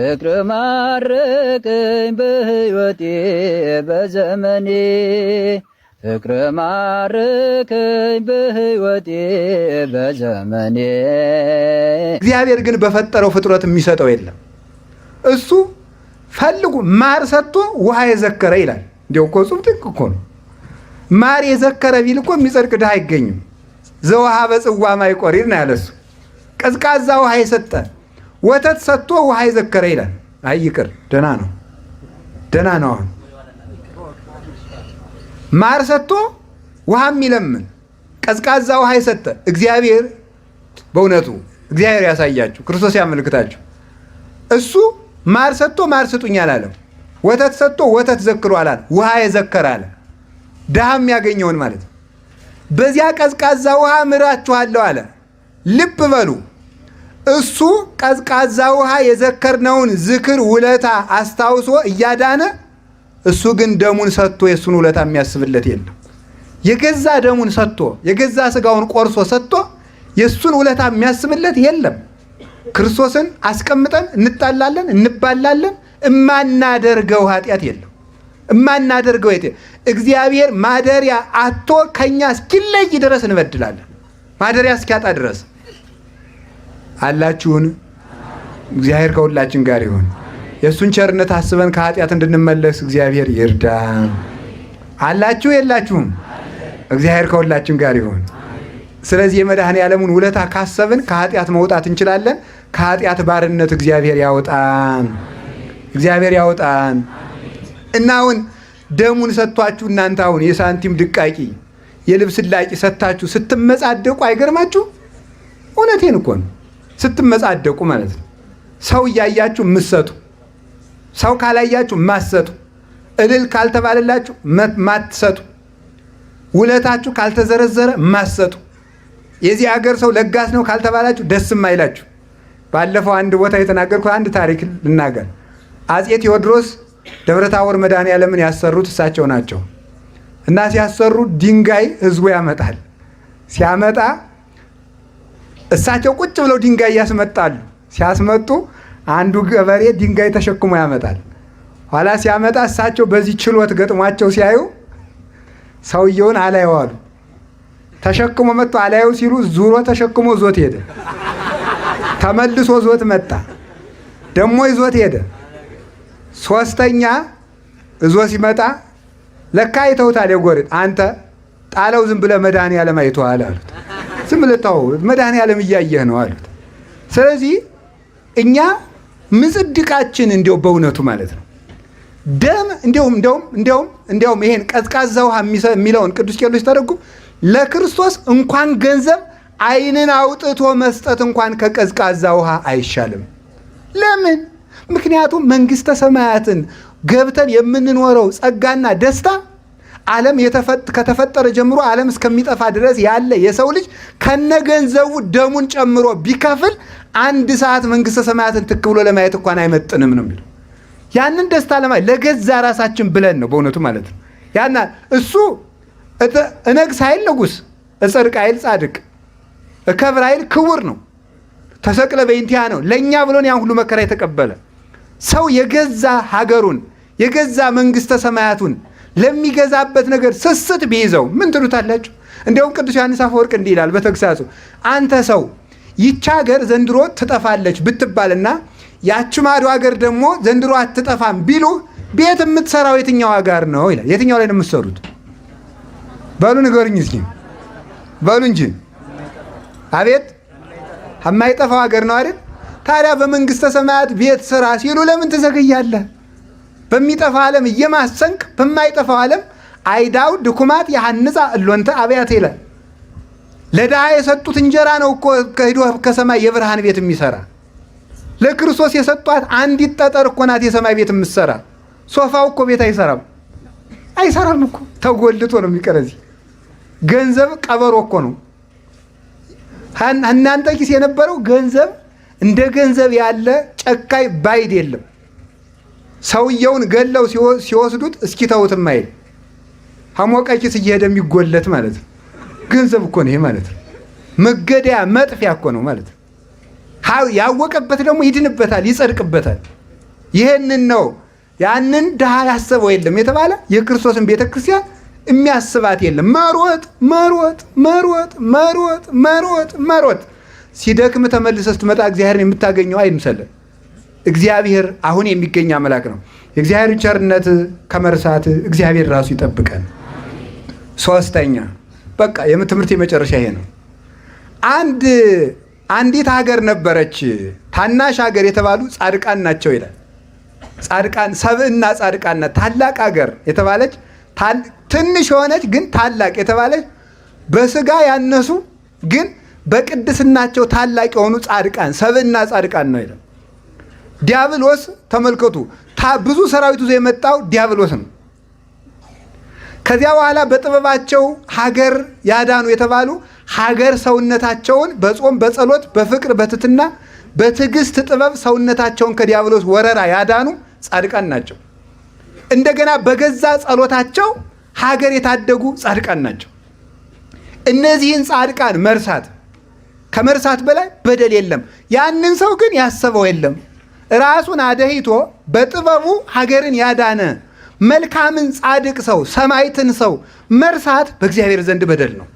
ፍቅር ማረከኝ በሕይወቴ በዘመኔ ፍቅር ማረከኝ በሕይወቴ በዘመኔ። እግዚአብሔር ግን በፈጠረው ፍጥረት የሚሰጠው የለም። እሱ ፈልጉ ማር ሰጥቶ ውሃ የዘከረ ይላል። እንዲያው እኮ እጹብ ጥቅ እኮ ነው። ማር የዘከረ ቢል እኮ የሚጸድቅ ድሃ አይገኝም። ዘውሃ በጽዋ ማይቆሪር ነው ያለሱ። ቀዝቃዛ ውሃ የሰጠ ወተት ሰጥቶ ውሃ የዘከረ ይላል። አይ ይቅር፣ ደህና ነው፣ ደና ነው። አሁን ማር ሰጥቶ ውሃ የሚለምን ቀዝቃዛ ውሃ የሰጠ እግዚአብሔር በእውነቱ እግዚአብሔር ያሳያችሁ፣ ክርስቶስ ያመልክታችሁ። እሱ ማር ሰጥቶ ማር ስጡኝ አላለም። ወተት ሰጥቶ ወተት ዘክሮ አላል። ውሃ የዘከረ አለ። ድሃ የሚያገኘውን ማለት ነው። በዚያ ቀዝቃዛ ውሃ ምራችኋለሁ አለ። ልብ በሉ። እሱ ቀዝቃዛ ውሃ የዘከርነውን ዝክር ውለታ አስታውሶ እያዳነ እሱ ግን ደሙን ሰጥቶ የእሱን ውለታ የሚያስብለት የለም። የገዛ ደሙን ሰጥቶ የገዛ ስጋውን ቆርሶ ሰጥቶ የእሱን ውለታ የሚያስብለት የለም። ክርስቶስን አስቀምጠን እንጣላለን፣ እንባላለን። እማናደርገው ኃጢአት የለም። እማናደርገው እግዚአብሔር ማደሪያ አቶ ከኛ እስኪለይ ድረስ እንበድላለን፣ ማደሪያ እስኪያጣ ድረስ አላችሁን? እግዚአብሔር ከሁላችን ጋር ይሁን። የእሱን ቸርነት አስበን ከኃጢአት እንድንመለስ እግዚአብሔር ይርዳ። አላችሁ የላችሁም? እግዚአብሔር ከሁላችን ጋር ይሁን። ስለዚህ የመድኃኔ ዓለሙን ውለታ ካሰብን ከኃጢአት መውጣት እንችላለን። ከኃጢአት ባርነት እግዚአብሔር ያወጣን፣ እግዚአብሔር ያወጣን እና አሁን ደሙን ሰጥቷችሁ እናንተ አሁን የሳንቲም ድቃቂ የልብስ ላቂ ሰጥታችሁ ስትመጻደቁ አይገርማችሁ? እውነቴን እኮ ነው። ስትመጻደቁ ማለት ነው። ሰው እያያችሁ ምሰጡ፣ ሰው ካላያችሁ ማሰጡ፣ እልል ካልተባለላችሁ ማትሰጡ፣ ውለታችሁ ካልተዘረዘረ ማሰጡ። የዚህ አገር ሰው ለጋስ ነው ካልተባላችሁ ደስም አይላችሁ። ባለፈው አንድ ቦታ የተናገርኩት አንድ ታሪክ ልናገር። አፄ ቴዎድሮስ ደብረታቦር መድኃኔዓለምን ያሰሩት እሳቸው ናቸው እና ሲያሰሩ ድንጋይ ህዝቡ ያመጣል ሲያመጣ እሳቸው ቁጭ ብለው ድንጋይ ያስመጣሉ። ሲያስመጡ አንዱ ገበሬ ድንጋይ ተሸክሞ ያመጣል። ኋላ ሲያመጣ እሳቸው በዚህ ችሎት ገጥሟቸው ሲያዩ ሰውየውን አላየዋሉ። ተሸክሞ መጥቶ አላየው ሲሉ ዙሮ ተሸክሞ ዞት ሄደ። ተመልሶ ዞት መጣ። ደግሞ ይዞት ሄደ። ሶስተኛ እዞ ሲመጣ ለካ አይተውታል። የጎርድ አንተ ጣለው ዝም ብለህ መድኃኔዓለም አይተዋል አሉት። ዝም ብለህ ተው መድኃኔዓለም እያየህ ነው አሉት። ስለዚህ እኛ ምጽድቃችን እንዲው በእውነቱ ማለት ነው ደም እንዲሁም እንዲሁም እንዲሁም እንዲሁም ይሄን ቀዝቃዛ ውሃ የሚለውን ቅዱስ ቄርሎስ ሲተረጉም ለክርስቶስ እንኳን ገንዘብ አይንን አውጥቶ መስጠት እንኳን ከቀዝቃዛ ውሃ አይሻልም። ለምን? ምክንያቱም መንግስተ ሰማያትን ገብተን የምንኖረው ጸጋና ደስታ ዓለም ከተፈጠረ ጀምሮ ዓለም እስከሚጠፋ ድረስ ያለ የሰው ልጅ ከነገንዘቡ ደሙን ጨምሮ ቢከፍል አንድ ሰዓት መንግስተ ሰማያትን ትክ ብሎ ለማየት እንኳን አይመጥንም ነው የሚለው። ያንን ደስታ ለማየት ለገዛ ራሳችን ብለን ነው በእውነቱ ማለት ነው። ያና እሱ እነግስ ኃይል ንጉስ፣ እጽድቅ አይል ጻድቅ እከብር አይል ክቡር ነው። ተሰቅለ በእንቲያ ነው ለእኛ ብሎን ያን ሁሉ መከራ የተቀበለ ሰው የገዛ ሀገሩን የገዛ መንግስተ ሰማያቱን ለሚገዛበት ነገር ስስት ቢይዘው ምን ትሉታላችሁ? እንዲያውም ቅዱስ ዮሐንስ አፈወርቅ እንዲህ ይላል በተግሳጹ አንተ ሰው ይቻ ሀገር ዘንድሮ ትጠፋለች ብትባልና ያቺ ማዶ ሀገር ደግሞ ዘንድሮ አትጠፋም ቢሉ ቤት የምትሰራው የትኛው ሀገር ነው ይላል። የትኛው ላይ ነው የምትሰሩት? በሉ ንገሩኝ እስኪ በሉ እንጂ። አቤት የማይጠፋው ሀገር ነው አይደል? ታዲያ በመንግስተ ሰማያት ቤት ስራ ሲሉ ለምን ትዘገያለህ? በሚጠፋ ዓለም እየማሰንክ በማይጠፋው ዓለም አይዳው ድኩማት የሐንፃ እሎንተ አብያት ይለ ለድሃ የሰጡት እንጀራ ነው እኮ ከሂዶ ከሰማይ የብርሃን ቤት የሚሰራ ለክርስቶስ የሰጧት አንዲት ጠጠር እኮ ናት የሰማይ ቤት የምትሰራ። ሶፋው እኮ ቤት አይሰራም አይሰራም እኮ ተጎልጦ ነው የሚቀር። እዚህ ገንዘብ ቀበሮ እኮ ነው። እናንተ ኪስ የነበረው ገንዘብ እንደ ገንዘብ ያለ ጨካኝ ባይድ የለም። ሰውየውን ገለው ሲወስዱት እስኪ ተውት ማይል ሀሞቀ እየሄደ የሚጎለት ማለት ነው። ገንዘብ እኮ ነው ይሄ ማለት ነው። መገደያ መጥፊያ እኮ ነው ማለት ነው። ያወቀበት ደግሞ ይድንበታል፣ ይጸድቅበታል። ይህንን ነው ያንን ድሃ ያሰበው የለም የተባለ የክርስቶስን ቤተ ክርስቲያን የሚያስባት የለም። መሮጥ መሮጥ መሮጥ መሮጥ መሮጥ መሮጥ ሲደክም ተመልሰ ስትመጣ እግዚአብሔርን የምታገኘው አይምሰለን። እግዚአብሔር አሁን የሚገኝ አምላክ ነው። የእግዚአብሔር ቸርነት ከመርሳት እግዚአብሔር ራሱ ይጠብቀን። ሶስተኛ በቃ የምትምህርት የመጨረሻ ይሄ ነው። አንድ አንዲት ሀገር ነበረች ታናሽ ሀገር የተባሉ ጻድቃን ናቸው ይላል። ጻድቃን ሰብእና ጻድቃን ታላቅ ሀገር የተባለች ትንሽ የሆነች ግን ታላቅ የተባለች በስጋ ያነሱ ግን በቅድስናቸው ታላቅ የሆኑ ጻድቃን ሰብእና ጻድቃን ነው ይላል። ዲያብሎስ ተመልከቱ፣ ብዙ ሰራዊት ይዞ የመጣው ዲያብሎስ ነው። ከዚያ በኋላ በጥበባቸው ሀገር ያዳኑ የተባሉ ሀገር ሰውነታቸውን በጾም በጸሎት በፍቅር በትትና በትዕግስት ጥበብ ሰውነታቸውን ከዲያብሎስ ወረራ ያዳኑ ጻድቃን ናቸው። እንደገና በገዛ ጸሎታቸው ሀገር የታደጉ ጻድቃን ናቸው። እነዚህን ጻድቃን መርሳት ከመርሳት በላይ በደል የለም። ያንን ሰው ግን ያሰበው የለም። ራሱን አደሂቶ በጥበቡ ሀገርን ያዳነ መልካምን ጻድቅ ሰው ሰማይትን ሰው መርሳት በእግዚአብሔር ዘንድ በደል ነው።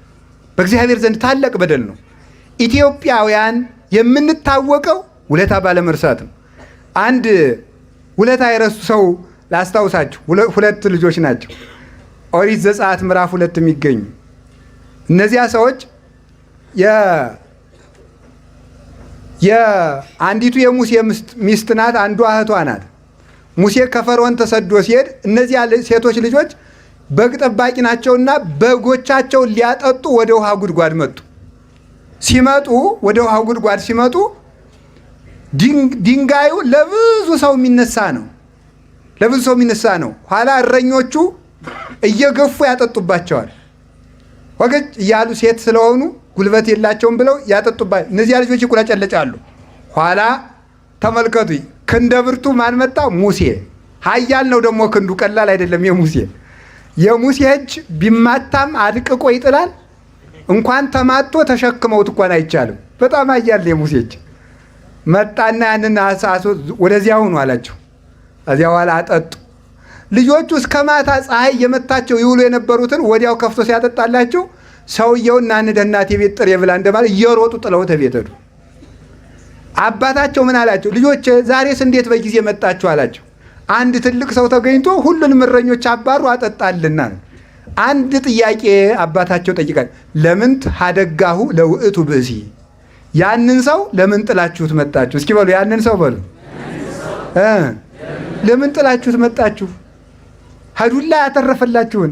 በእግዚአብሔር ዘንድ ታላቅ በደል ነው። ኢትዮጵያውያን የምንታወቀው ውለታ ባለመርሳት ነው። አንድ ውለታ የረሱ ሰው ላስታውሳችሁ። ሁለት ልጆች ናቸው ኦሪት ዘጸአት ምዕራፍ ሁለት የሚገኙ እነዚያ ሰዎች የአንዲቱ የሙሴ ሚስት ናት፣ አንዷ እህቷ ናት። ሙሴ ከፈርዖን ተሰዶ ሲሄድ እነዚያ ሴቶች ልጆች በግ ጠባቂ ናቸውና በጎቻቸውን ሊያጠጡ ወደ ውሃ ጉድጓድ መጡ። ሲመጡ ወደ ውሃ ጉድጓድ ሲመጡ ድንጋዩ ለብዙ ሰው የሚነሳ ነው። ለብዙ ሰው የሚነሳ ነው። ኋላ እረኞቹ እየገፉ ያጠጡባቸዋል። ወገጭ እያሉ ሴት ስለሆኑ ጉልበት የላቸውም ብለው ያጠጡባል። እነዚያ ልጆች ይቁለጨለጫሉ። ኋላ ተመልከቱ፣ ክንደ ብርቱ ማን መጣ? ሙሴ ኃያል ነው ደግሞ ክንዱ ቀላል አይደለም። የሙሴ የሙሴ እጅ ቢማታም አድቅቆ ይጥላል። እንኳን ተማቶ ተሸክመውት እንኳን አይቻልም። በጣም ኃያል የሙሴ እጅ መጣና ያንን አሳሶ ወደዚያ ሁኑ አላቸው። እዚያ ኋላ አጠጡ። ልጆቹ እስከ ማታ ፀሐይ የመታቸው ይውሉ የነበሩትን ወዲያው ከፍቶ ሲያጠጣላቸው ሰውየው ና እንደ እናቴ ቤት ጥሬ ብላ እንደማለት እየሮጡ ጥለው ቤት ሄዱ። አባታቸው ምን አላቸው? ልጆች ዛሬስ እንዴት በጊዜ መጣችሁ አላቸው። አንድ ትልቅ ሰው ተገኝቶ ሁሉንም እረኞች አባሩ አጠጣልና አንድ ጥያቄ አባታቸው ጠይቃል። ለምን ሀደጋሁ ለውእቱ ብእሲ፣ ያንን ሰው ለምን ጥላችሁት መጣችሁ? እስኪ በሉ ያንን ሰው በሉ ለምን ጥላችሁት መጣችሁ? ሀዱላ ያተረፈላችሁን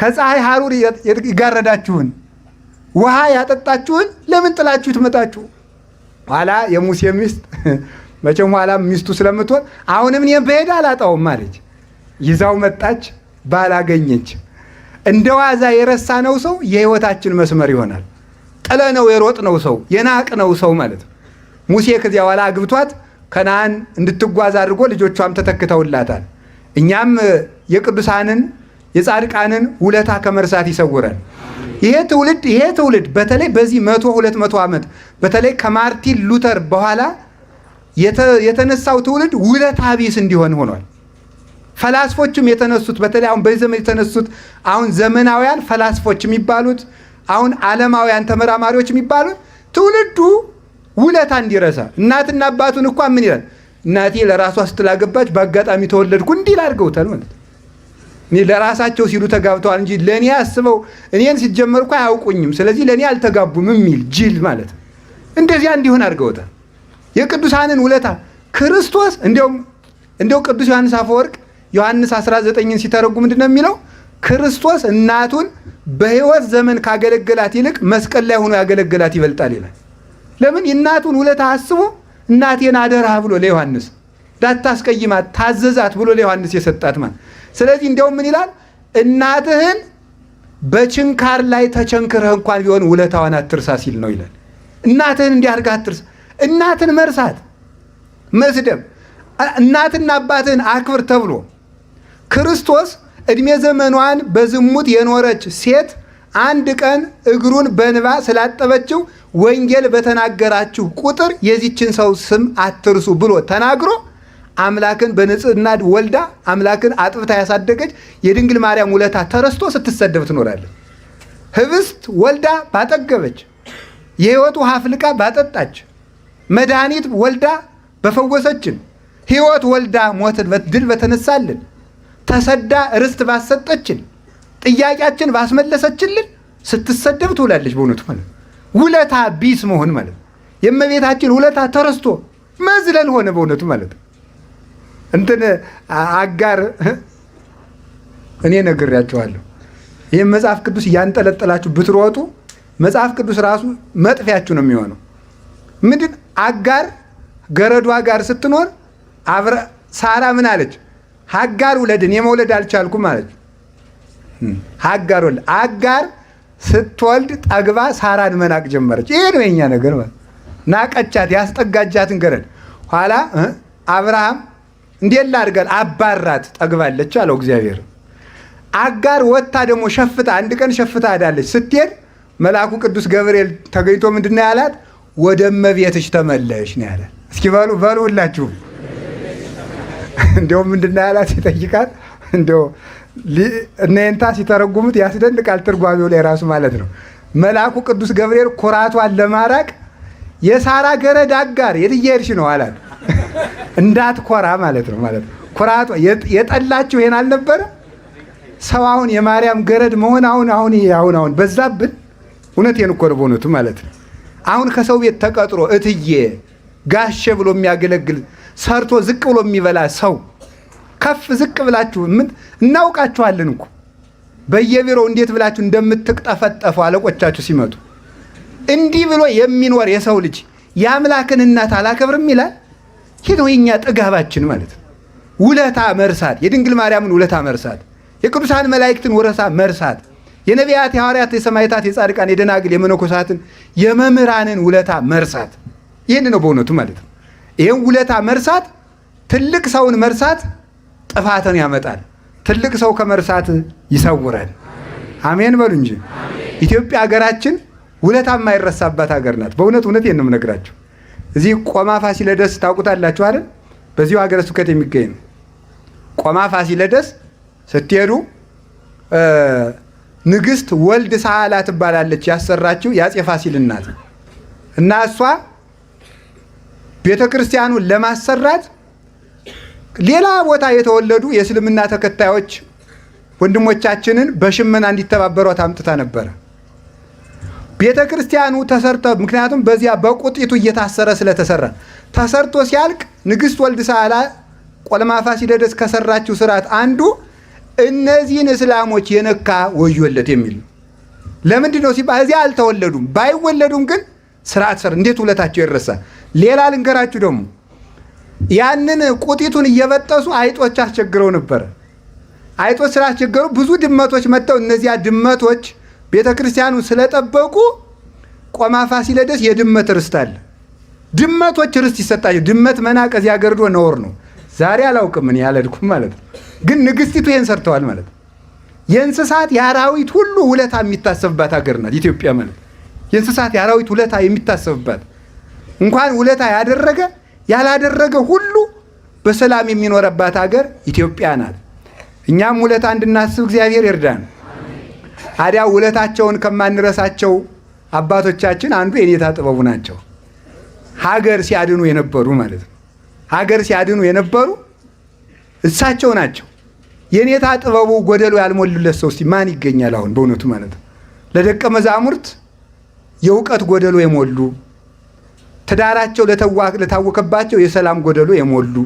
ከፀሐይ ሐሩር የጋረዳችሁን ውሃ ያጠጣችሁን ለምን ጥላችሁ ትመጣችሁ? ኋላ የሙሴ ሚስት መቼም ኋላ ሚስቱ ስለምትሆን አሁንም እኔም በሄድ አላጣውም አለች። ይዛው መጣች፣ ባላገኘች እንደ ዋዛ ነው ሰው የህይወታችን መስመር ይሆናል። ጥለነው ነው ሰው ነው ሰው ማለት ነው። ሙሴ ከዚያ ኋላ አግብቷት ከነአን እንድትጓዝ አድርጎ ልጆቿም ተተክተውላታል። እኛም የቅዱሳንን የጻድቃንን ውለታ ከመርሳት ይሰውረን። ይሄ ትውልድ ይሄ ትውልድ በተለይ በዚህ መቶ ሁለት መቶ ዓመት በተለይ ከማርቲን ሉተር በኋላ የተነሳው ትውልድ ውለታ ቢስ እንዲሆን ሆኗል። ፈላስፎችም የተነሱት በተለይ አሁን በዚህ ዘመን የተነሱት አሁን ዘመናውያን ፈላስፎች የሚባሉት አሁን ዓለማውያን ተመራማሪዎች የሚባሉት ትውልዱ ውለታ እንዲረሳ እናትና አባቱን እንኳ ምን ይላል እናቴ ለራሷ ስትላገባች በአጋጣሚ ተወለድኩ እንዲል አድርገውታል ማለት ለራሳቸው ሲሉ ተጋብተዋል እንጂ ለእኔ አስበው እኔን ሲጀመር እኮ አያውቁኝም፣ ስለዚህ ለእኔ አልተጋቡም የሚል ጅል ማለት ነው። እንደዚያ እንዲሆን አድርገውታል። የቅዱሳንን ውለታ ክርስቶስ እንዲያውም እንዲያው ቅዱስ ዮሐንስ አፈወርቅ ዮሐንስ 19ን ሲተረጉ ምንድን ነው የሚለው? ክርስቶስ እናቱን በሕይወት ዘመን ካገለገላት ይልቅ መስቀል ላይ ሆኖ ያገለገላት ይበልጣል ይላል። ለምን? የእናቱን ውለታ አስቦ እናቴን አደራህ ብሎ ለዮሐንስ ዳታስቀይማት ታዘዛት ብሎ ለዮሐንስ የሰጣት ማለት። ስለዚህ እንዲያውም ምን ይላል? እናትህን በችንካር ላይ ተቸንክረህ እንኳን ቢሆን ውለታዋን አትርሳ ሲል ነው ይላል። እናትህን እንዲህ አድርገህ አትርሳ። እናትን መርሳት መስደም እናትና አባትህን አክብር ተብሎ ክርስቶስ እድሜ ዘመኗን በዝሙት የኖረች ሴት አንድ ቀን እግሩን በንባ ስላጠበችው ወንጌል በተናገራችሁ ቁጥር የዚችን ሰው ስም አትርሱ ብሎ ተናግሮ አምላክን በንጽህና ወልዳ አምላክን አጥብታ ያሳደገች የድንግል ማርያም ውለታ ተረስቶ ስትሰደብ ትኖራለች። ህብስት ወልዳ ባጠገበች፣ የህይወት ውሃ ፍልቃ ባጠጣች፣ መድኃኒት ወልዳ በፈወሰችን፣ ህይወት ወልዳ ሞትን ድል በተነሳልን፣ ተሰዳ ርስት ባሰጠችን፣ ጥያቄያችን ባስመለሰችልን ስትሰደብ ትውላለች። በእውነቱ ማለት ውለታ ቢስ መሆን ማለት የእመቤታችን ውለታ ተረስቶ መዝለል ሆነ በእውነቱ ማለት እንትን አጋር እኔ ነግሬያቸዋለሁ። ይህም መጽሐፍ ቅዱስ እያንጠለጠላችሁ ብትሮጡ መጽሐፍ ቅዱስ ራሱ መጥፊያችሁ ነው የሚሆነው። ምንድን አጋር ገረዷ ጋር ስትኖር አብረ ሳራ ምን አለች? ሀጋር ውለድ፣ እኔ መውለድ አልቻልኩም አለች። ሀጋር ወልድ አጋር ስትወልድ ጠግባ ሳራን መናቅ ጀመረች። ይሄ ነው የኛ ነገር ማለት ናቀቻት፣ ያስጠጋጃትን ገረድ ኋላ አብርሃም እንዴት ላድርጋል? አባራት ጠግባለች አለው እግዚአብሔር። አጋር ወጥታ ደግሞ ሸፍታ አንድ ቀን ሸፍታ አዳለች። ስትሄድ መልአኩ ቅዱስ ገብርኤል ተገኝቶ ምንድን ነው ያላት? ወደ እመቤትሽ ተመለሽ ነው ያላት። እስኪ በሉ በሉ ሁላችሁም እንዲሁም ምንድን ነው ያላት ሲጠይቃት እንዲያው እነንታ ሲተረጉሙት ያስደንቃል። ትርጓሜው ላይ ራሱ ማለት ነው። መልአኩ ቅዱስ ገብርኤል ኩራቷን ለማራቅ የሳራ ገረድ አጋር የት እየሄድሽ ነው አላት። እንዳትኮራ ማለት ነው ማለት ነው። ኩራቷ የጠላችሁ ይሄን አልነበረ ሰው አሁን የማርያም ገረድ መሆን አሁን አሁን ይሄ አሁን አሁን በዛብን። እውነቴን እኮ ነው በእውነቱ ማለት ነው። አሁን ከሰው ቤት ተቀጥሮ እትዬ ጋሼ ብሎ የሚያገለግል ሰርቶ ዝቅ ብሎ የሚበላ ሰው ከፍ ዝቅ ብላችሁ ምን እናውቃችኋለን እኮ በየቢሮው እንዴት ብላችሁ እንደምትቅጠፈጠፉ አለቆቻችሁ ሲመጡ እንዲህ ብሎ የሚኖር የሰው ልጅ የአምላክን እናት አላከብርም ይላል። ይህ ነው የእኛ ጥጋባችን ማለት ነው። ውለታ መርሳት፣ የድንግል ማርያምን ውለታ መርሳት፣ የቅዱሳን መላእክትን ወረሳ መርሳት፣ የነቢያት፣ የሐዋርያት፣ የሰማዕታት፣ የጻድቃን፣ የደናግል፣ የመነኮሳትን፣ የመምህራንን ውለታ መርሳት ይህን ነው በእውነቱ ማለት ነው። ይህን ውለታ መርሳት ትልቅ ሰውን መርሳት ጥፋትን ያመጣል። ትልቅ ሰው ከመርሳት ይሰውረን። አሜን በሉ እንጂ ኢትዮጵያ ሀገራችን ውለታ የማይረሳባት ሀገር ናት። በእውነት እውነት ነው የምነግራቸው። እዚህ ቆማ ፋሲለደስ ታውቁታላችሁ አይደል? በዚሁ ሀገረ ስብከት የሚገኝ ነው። ቆማ ፋሲለደስ ስትሄዱ ንግስት ወልድ ሳላ ትባላለች። ያሰራችው የአፄ ፋሲል እናት እና እሷ ቤተ ክርስቲያኑን ለማሰራት ሌላ ቦታ የተወለዱ የእስልምና ተከታዮች ወንድሞቻችንን በሽመና እንዲተባበሯት አምጥታ ነበረ። ቤተ ክርስቲያኑ ተሰርተ ምክንያቱም በዚያ በቁጢቱ እየታሰረ ስለተሰራ ተሰርቶ ሲያልቅ ንግሥት ወልድ ሳላ ቆለማፋ ሲደደስ ከሰራችው ስርዓት አንዱ እነዚህን እስላሞች የነካ ወዮለት የሚል ነው። ለምንድን ነው ሲባል እዚያ አልተወለዱም። ባይወለዱም ግን ስርዓት ሰር እንዴት ውለታቸው ይረሳል። ሌላ ልንገራችሁ ደግሞ ያንን ቁጢቱን እየበጠሱ አይጦች አስቸግረው ነበረ። አይጦች ስላስቸገሩ ብዙ ድመቶች መጥተው እነዚያ ድመቶች ቤተ ክርስቲያኑን ስለጠበቁ ቆማ ፋሲለደስ የድመት ርስት አለ። ድመቶች ርስት ይሰጣቸው። ድመት መናቀዝ ያገርዶ ነውር ነው። ዛሬ አላውቅም እኔ ያለድኩም ማለት ነው። ግን ንግስቲቱ ይህን ሰርተዋል ማለት ነው። የእንስሳት የአራዊት ሁሉ ውለታ የሚታሰብባት ሀገር ናት ኢትዮጵያ ማለት የእንስሳት የአራዊት ውለታ የሚታሰብባት እንኳን ውለታ ያደረገ ያላደረገ ሁሉ በሰላም የሚኖረባት ሀገር ኢትዮጵያ ናት። እኛም ውለታ እንድናስብ እግዚአብሔር ይርዳን። ታዲያ ውለታቸውን ከማንረሳቸው አባቶቻችን አንዱ የኔታ ጥበቡ ናቸው። ሀገር ሲያድኑ የነበሩ ማለት ነው። ሀገር ሲያድኑ የነበሩ እሳቸው ናቸው። የኔታ ጥበቡ ጎደሉ ያልሞሉለት ሰው እስቲ ማን ይገኛል? አሁን በእውነቱ ማለት ነው ለደቀ መዛሙርት የእውቀት ጎደሎ የሞሉ ትዳራቸው ለታወከባቸው የሰላም ጎደሎ የሞሉ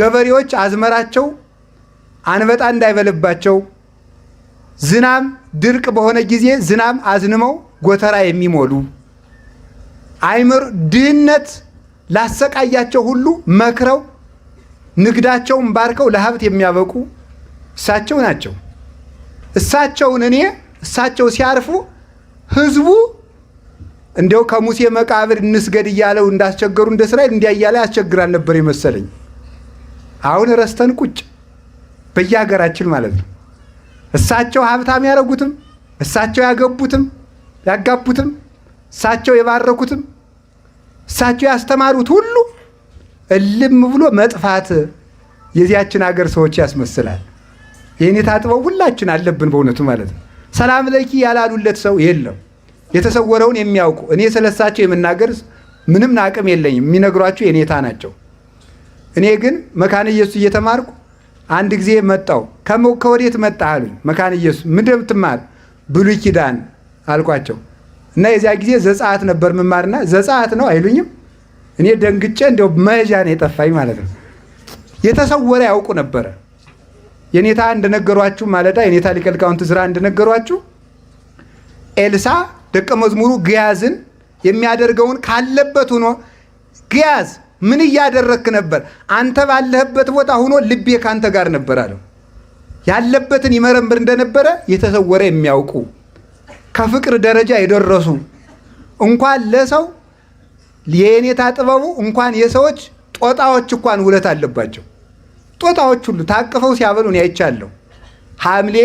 ገበሬዎች አዝመራቸው አንበጣ እንዳይበለባቸው ዝናም ድርቅ በሆነ ጊዜ ዝናም አዝንመው ጎተራ የሚሞሉ አይምር ድህነት ላሰቃያቸው ሁሉ መክረው ንግዳቸውን ባርከው ለሀብት የሚያበቁ እሳቸው ናቸው። እሳቸውን እኔ እሳቸው ሲያርፉ ህዝቡ እንዲያው ከሙሴ መቃብር እንስገድ እያለው እንዳስቸገሩ እንደ እስራኤል እንዲያ እያለ ያስቸግራል ነበር የመሰለኝ። አሁን ረስተን ቁጭ በየሀገራችን ማለት ነው። እሳቸው ሀብታም ያደረጉትም እሳቸው ያገቡትም ያጋቡትም እሳቸው የባረኩትም እሳቸው ያስተማሩት ሁሉ እልም ብሎ መጥፋት የዚያችን ሀገር ሰዎች ያስመስላል። ይህን የታጥበው ሁላችን አለብን በእውነቱ ማለት ነው። ሰላም ለኪ ያላሉለት ሰው የለም። የተሰወረውን የሚያውቁ እኔ ስለሳቸው የምናገር ምንም አቅም የለኝም። የሚነግሯቸው የኔታ ናቸው። እኔ ግን መካነ ኢየሱስ እየተማርኩ አንድ ጊዜ መጣው ከወዴት መጣ አሉኝ። መካን ኢየሱስ ምንድን ነው ብሉይ ኪዳን አልኳቸው እና የዚያ ጊዜ ዘጸአት ነበር ምማርና ዘጸአት ነው አይሉኝም። እኔ ደንግጬ እንዲያው መሄጃ ነው የጠፋኝ ማለት ነው። የተሰወረ ያውቁ ነበረ። የኔታ እንደነገሯችሁ ማለዳ የኔታ ሊቀ ሊቃውንት ዕዝራ እንደነገሯችሁ ኤልሳ ደቀ መዝሙሩ ግያዝን የሚያደርገውን ካለበት ሆኖ ግያዝ ምን እያደረክ ነበር? አንተ ባለህበት ቦታ ሆኖ ልቤ ካንተ ጋር ነበር አለው። ያለበትን ይመረምር እንደነበረ የተሰወረ የሚያውቁ ከፍቅር ደረጃ የደረሱ እንኳን ለሰው የኔታ ጥበቡ እንኳን የሰዎች ጦጣዎች እንኳን ውለት አለባቸው። ጦጣዎች ሁሉ ታቅፈው ሲያበሉ እኔ አይቻለሁ። ሐምሌ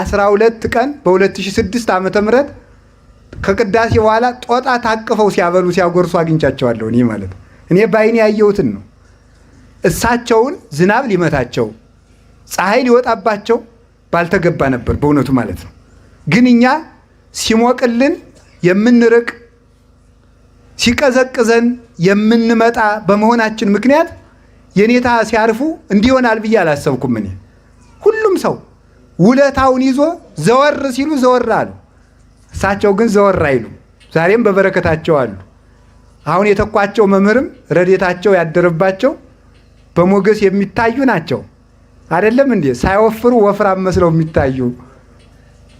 12 ቀን በ2006 ዓ.ም ከቅዳሴ በኋላ ጦጣ ታቅፈው ሲያበሉ ሲያጎርሱ አግኝቻቸዋለሁ እኔ ማለት ነው። እኔ ባይኔ ያየሁትን ነው። እሳቸውን ዝናብ ሊመታቸው ፀሐይ ሊወጣባቸው ባልተገባ ነበር በእውነቱ ማለት ነው። ግን እኛ ሲሞቅልን የምንርቅ ሲቀዘቅዘን የምንመጣ በመሆናችን ምክንያት የኔታ ሲያርፉ እንዲሆናል ብዬ አላሰብኩም። እኔ ሁሉም ሰው ውለታውን ይዞ ዘወር ሲሉ ዘወር አሉ። እሳቸው ግን ዘወር አይሉ፣ ዛሬም በበረከታቸው አሉ። አሁን የተኳቸው መምህርም ረዴታቸው ያደረባቸው በሞገስ የሚታዩ ናቸው። አይደለም እንዴ? ሳይወፍሩ ወፍራም መስለው የሚታዩ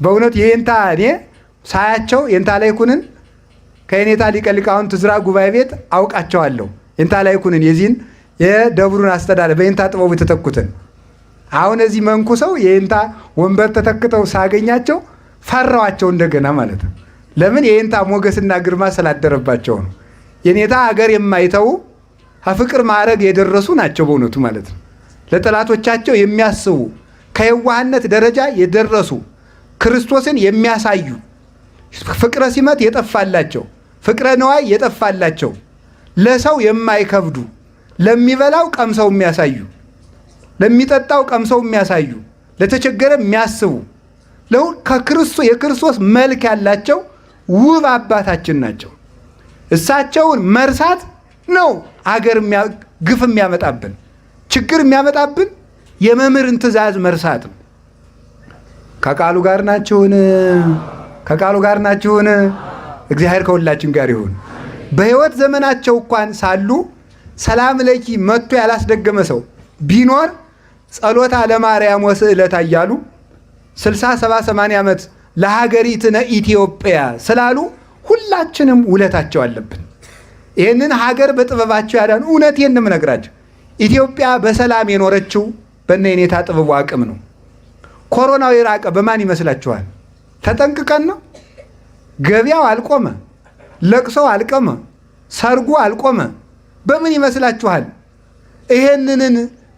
በእውነት የኔታ እኔ ሳያቸው የኔታ ላይኩንን ከኔታ ሊቀ ሊቃውንት ትዝራ ጉባኤ ቤት አውቃቸዋለሁ። የኔታ ላይኩንን የዚህን የደብሩን አስተዳደር በኔታ ጥበቡ የተተኩትን አሁን እዚህ መንኩ ሰው የኔታ ወንበር ተተክተው ሳገኛቸው ፈራዋቸው እንደገና ማለት ነው። ለምን የኔታ ሞገስና ግርማ ስላደረባቸው ነው። የኔታ ሀገር የማይተው ከፍቅር ማዕረግ የደረሱ ናቸው። በእውነቱ ማለት ነው። ለጠላቶቻቸው የሚያስቡ ከየዋህነት ደረጃ የደረሱ ክርስቶስን የሚያሳዩ ፍቅረ ሲመት የጠፋላቸው ፍቅረ ነዋይ የጠፋላቸው ለሰው የማይከብዱ ለሚበላው ቀምሰው የሚያሳዩ ለሚጠጣው ቀምሰው የሚያሳዩ ለተቸገረ የሚያስቡ ለሁል ከክርስቶስ የክርስቶስ መልክ ያላቸው ውብ አባታችን ናቸው። እሳቸውን መርሳት ነው አገር ግፍ የሚያመጣብን ችግር የሚያመጣብን የመምህርን ትእዛዝ መርሳት ነው። ከቃሉ ጋር ናችሁን? ከቃሉ ጋር ናችሁን? እግዚአብሔር ከሁላችን ጋር ይሁን። በሕይወት ዘመናቸው እንኳን ሳሉ ሰላም ለኪ መጥቶ ያላስደገመ ሰው ቢኖር ጸሎታ ለማርያም ወስዕለታ እያሉ 60 70 80 ዓመት ለሀገሪትነ ኢትዮጵያ ስላሉ ሁላችንም ውለታቸው አለብን። ይህንን ሀገር በጥበባቸው ያዳን እውነት ነው ነግራቸው ኢትዮጵያ በሰላም የኖረችው በነ የኔታ ጥበቡ አቅም ነው። ኮሮናው የራቀ በማን ይመስላችኋል? ተጠንቅቀን ነው። ገበያው አልቆመ፣ ለቅሶው አልቀመ፣ ሰርጉ አልቆመ። በምን ይመስላችኋል? ይሄንንን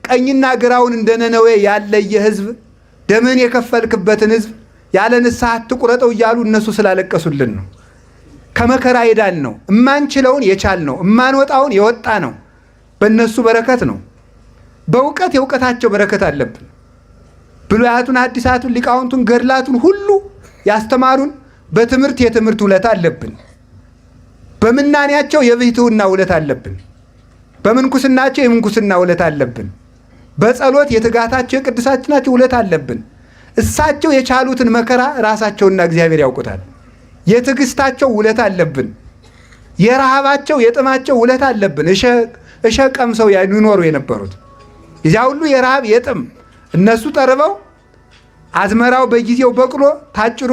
ቀኝና ግራውን እንደ ነነዌ ያለየ ህዝብ ደምን የከፈልክበትን ህዝብ ያለ ንስሐ አትቁረጠው እያሉ እነሱ ስላለቀሱልን ነው። ከመከራ ይዳን ነው። እማንችለውን የቻል ነው። እማንወጣውን የወጣ ነው። በእነሱ በረከት ነው። በእውቀት የእውቀታቸው በረከት አለብን። ብሉያቱን፣ አዲሳቱን ሊቃውንቱን፣ ገድላቱን ሁሉ ያስተማሩን በትምህርት የትምህርት ውለታ አለብን። በምናኔያቸው የብሕትውና ውለት አለብን። በምንኩስናቸው የምንኩስና ውለት አለብን። በጸሎት የትጋታቸው የቅድሳችናቸው ውለት አለብን። እሳቸው የቻሉትን መከራ ራሳቸውና እግዚአብሔር ያውቁታል። የትዕግስታቸው ውለት አለብን። የረሃባቸው የጥማቸው ውለት አለብን። እሸ ቀምሰው ይኖሩ የነበሩት እዚያ ሁሉ የረሃብ የጥም እነሱ ጠርበው አዝመራው በጊዜው በቅሎ ታጭዶ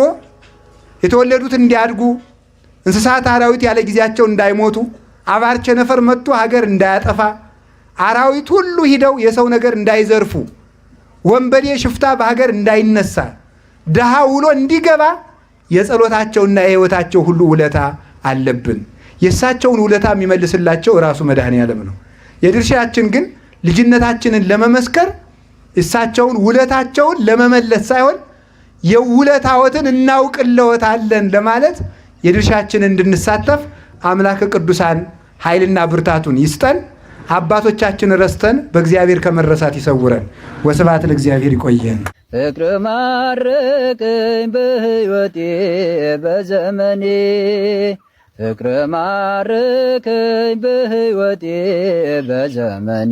የተወለዱት እንዲያድጉ እንስሳት አራዊት ያለ ጊዜያቸው እንዳይሞቱ አባር ቸነፈር መጥቶ ሀገር እንዳያጠፋ አራዊት ሁሉ ሂደው የሰው ነገር እንዳይዘርፉ ወንበዴ ሽፍታ በሀገር እንዳይነሳ ድሃ ውሎ እንዲገባ የጸሎታቸውና የህይወታቸው ሁሉ ውለታ አለብን። የእሳቸውን ውለታ የሚመልስላቸው ራሱ መድኃኔ ዓለም ነው። የድርሻችን ግን ልጅነታችንን ለመመስከር እሳቸውን ውለታቸውን ለመመለስ ሳይሆን የውለታዎትን እናውቅለወታለን ለማለት የድርሻችን እንድንሳተፍ አምላከ ቅዱሳን ኃይልና ብርታቱን ይስጠን። አባቶቻችን ረስተን በእግዚአብሔር ከመረሳት ይሰውረን። ወስብሐት ለእግዚአብሔር። ይቆየን። ፍቅር ማረከኝ በሕይወቴ በዘመኔ ፍቅር ማረከኝ በሕይወቴ በዘመኔ